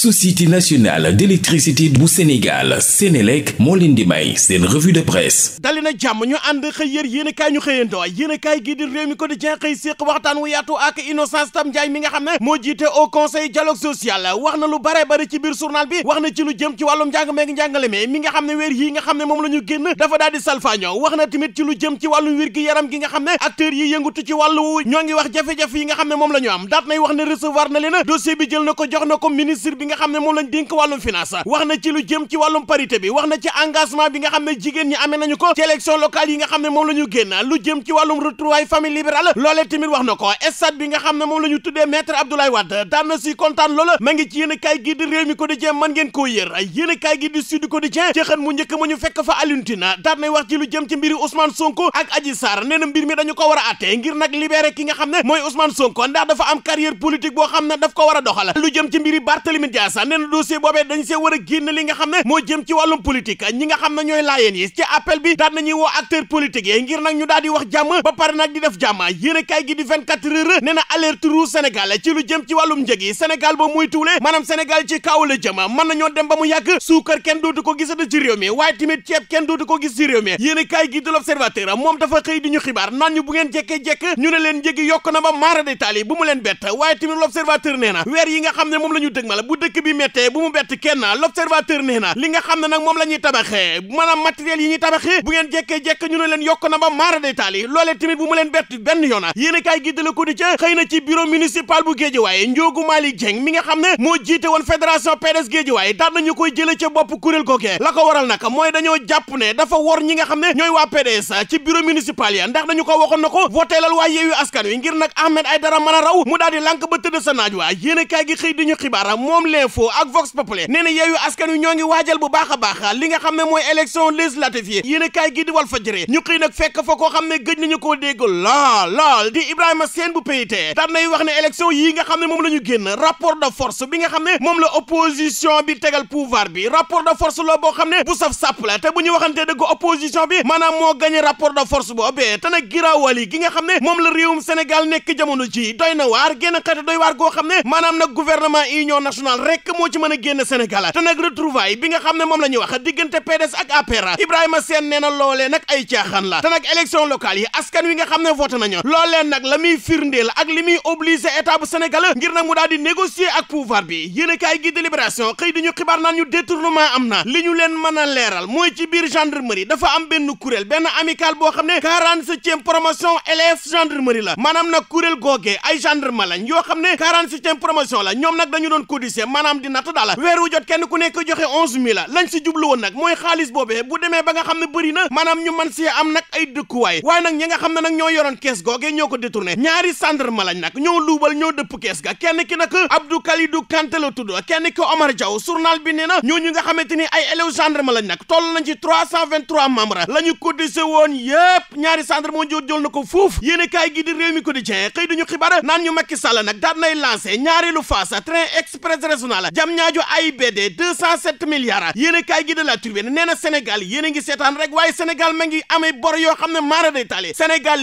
société nationale d'électricité bu Sénégal Sénélec moo leen di may seen revue de presse dali na jàmm ñu ànd xëy yër yéen ñu xëyandoo yéen i kaay gii di réew mi quotidien xëy séq waxtaan wu yaatu ak Innocence Ntap Ndiaye mi nga xam ne moo jiite au conseil dialogue social wax na lu bare bare ci biir journal bi wax na ci lu jëm ci wàllum njàng meeg njàngale me mi nga xam ne weer yi nga xam ne moom la ñu génn dafa daal di wax na tamit ci lu jëm c wàllum wér gi yaram gi nga xam ne acteurs yi yëngutu ci wàllu ñoo ngi wax jafe-jafe yi nga xam ne moom la ñu am daat nay na ko jox na ko ministre bi nga xam ne moom lañ dénk wàllum finance wax na ci lu jëm ci wàllum parité bi wax na ci engagement bi nga xam ne jigéen ñi amee nañu ko ci élection locale yi ne moom la ñu génn lu jëm ci wàllum retrouvailles famille libérale loolee tamit wax na ko stade bi nga xam ne moom la ñu tuddee maître Abdoulaye Wade daan na si kontaan loola ma ngi ci yéen kaay gi di réew mi quotidien mën ngeen koo yër yéen kaay gi di sud quotidien ci xën mu njëkk mu ñu fekk fa Alioune Tine daan nay wax ci lu jëm ci mbiri Ousmane Sonko dañu ko war a ngir nag libéré ki nga xam ne mooy Ousmane Sonko ndax dafa am carrière politique boo xam ne daf ko war a doxal lu jëm ci mbiri Barthélémy Diassa nee boobee dañ see war a génn li nga xam ne moo jëm ci wàllum politique ñi nga xam ne ñooy laayeen yi ci appel bi daan nañuy woo acteur politique yi ngir nag ñu daal wax jàmm ba pare nag di def jàmm yéene kaay gi di 24 heures nee na alerte ru Sénégal ci lu jëm ci wàllum njëg yi Sénégal ba muy tuule maanaam Sénégal ci kaw la jëm nañoo dem ba mu yàgg suukar kenn dootu ko gisata ci réew mi waaye tamit ceeb kenn dootu ko gis ci réew dëkk bi méttee bu mu bett kenn l'observateur nee na li nga xam ne nag moom la ñuy tabaxee maanaam matériel yi ñuy tabaxee bu ngeen jekkee-jekk ñu ne leen yokk na ba maara day taali loolee tamit bu mu leen bett benn yoon yéen a kaay gi de la ko di ca xëy na ci bureau municipal bu Géejawaay Njoogu Malick mi nga xam ne moo jiite woon fédération PDS Géejawaay daan nañu koy jële ca bopp kuréel googee la ko waral nag mooy dañoo jàpp ne dafa wor ñi nga xam ne ñooy waa PDS ci bureau municipal ya ndax ko waxoon na ko voteelal waa Yewwi Askan Wi ngir nag Ahmed a raw mu a kaay gi xëy moom leen l'info ak Vox Populi nee na yeeyu askan wi ñoo ngi waajal bu baax a baax li nga xam ne mooy élection législative yi yéen a gi di Walf Fadjri ñu xëy nag fekk fa koo xam ne gëj nañu koo dégg lool lool di Ibrahima Sène bu PIT daan wax ne élection yi nga xam ne moom la ñu génn rapport de force bi nga xam ne moom la opposition bi tegal pouvoir bi rapport de force la boo xam ne bu saf sàpp la te bu ñu waxantee dëgg opposition bi maanaam moo gagné rapport de xam ne moom la réewum Sénégal nekk jamono ji doy na waar génn xeetu doy waar goo xam ne maanaam rek moo ci mën a génn Sénégal te nag retrouvaille bi nga xam ne moom la ñuy wax diggante PDS ak APR Ibrahima Sène nee na loolee nag ay caaxaan la te nag élection yi askan wi nga xam ne voté nañu loolee nag la muy firndeel ak li muy obligé état Sénégal ngir nag mu daal di ak pouvoir bi yéen a gi délibération xëy di ñu xibaar naan ñu am na li ñu leen mën a leeral mooy ci biir gendarmerie dafa am benn kuréel benn amical boo xam ne quarante-septième promotion élèves gendarmerie la maanaam nag kuréel googee ay yoo xam ne quarante-septième promotion la ñoom nag dañu doon maanaam di natt daal jot kenn ku nekk joxe onze mille lañ si jublu nag mooy xaalis boobee bu demee ba nga xam ne bëri na maanaam ñu mën si am nag ay dëkkuwaay waaye nag ñi nga xam ne nag ñoo yoroon kees googee ñoo ko détourné ñaari gendarme lañ nag ñoo luubal ñoo dëpp kees ga kenn ki nag Abdou Kalidou Kanté la tudd kenn ki Omar Diaw journal bi nee na ñooñu nga xamante ni ay élèves gendarme lañ nag toll nañ ci trois cent vingt trois membres ñaari gendarme moo jot nationale jam ñaajo AIBD 207 milliards yéen kaay gi de la Tribune nee na Sénégal yéen ngi seetaan rek waaye Sénégal ma ngi amee bor yoo xam ne maara day tali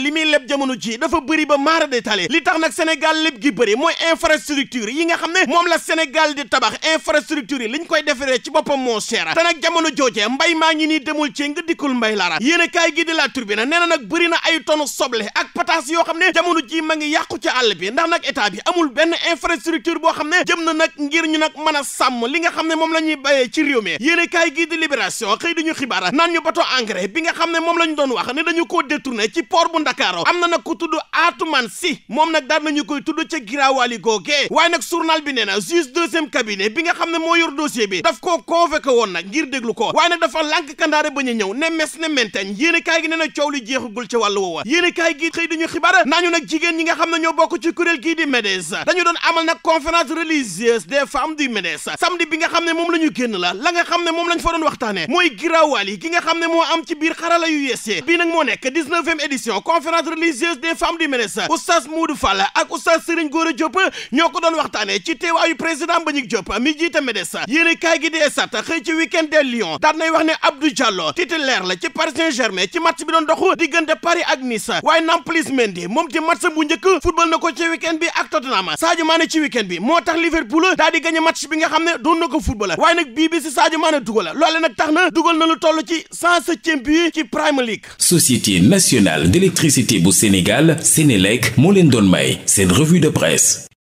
li muy leb jamono ji dafa bëri ba maara day tali li tax nag Sénégal gi bëri mooy infrastructure yi nga xam ne moom la Sénégal di tabax infrastructure yi liñ koy defaree ci boppam moo cher te jamono joojee mbay maa ngi nii demul ci nga dikkul mbay lara yéen a kaay gi de la Tribune nee na nag bëri na ay tonu soble ak pataas yoo xam ne jamono ji ma ngi yàqu ci àll bi ndax nag état bi amul benn infrastructure boo xam ne jëm na nag ngir ñu nag mën a sàmm li nga xam ne moom la ñuy béyee ci réew mi yéene kaay gii di libération xëy dañu xibaar naan ñu bato engrais bi nga xam ne moom la ñu doon wax ne dañu koo détourné ci port bu na nag ku tudd Atuman Si moom koy tudd ca giraawaali googee waaye nag journal bi nee na juge deuxième cabinet nga xam ne moo yor dossier bi daf koo convoqué woon nag ngir déglu ko waaye dafa lànk kandaare ba ñu ñëw ne mes ne mentañ yéene gi nee na coow li jeexagul ca wàllu woowa yéene kaay gi xëy dañu xibaar jigéen ñi nga xam ne ñoo bokk ci kuréel gii di MEDES dañu doon amal nag conférence religieuse femme du MEDES samedi bi nga xam ne moom la génn la la nga xam ne moom la fa doon waxtaane mooy giraawaal yi gi nga xam ne moo am ci biir xarala yu yees yi bii nag moo nekk dix-neuvième édition religieuse des femmes du MEDES oustaz Moudou Fall ak oustaz Serigne Gora Diop ñoo ko doon waxtaane ci teewaayu président Mbagnick Diop mi jiite MEDES yéen kaay gi dee sat xëy ci week-end des Lions wax ne Abdou Diallo la ci Paris saint gagné match bi nga xam ne doon na ko football waaye nag bii bi si Sadio Mané dugal loole nag tax na dugal na lu toll ci cent septième bi ci Premier League. Société nationale d'électricité bu Sénégal Sénélec moo leen doon may seen revue de presse.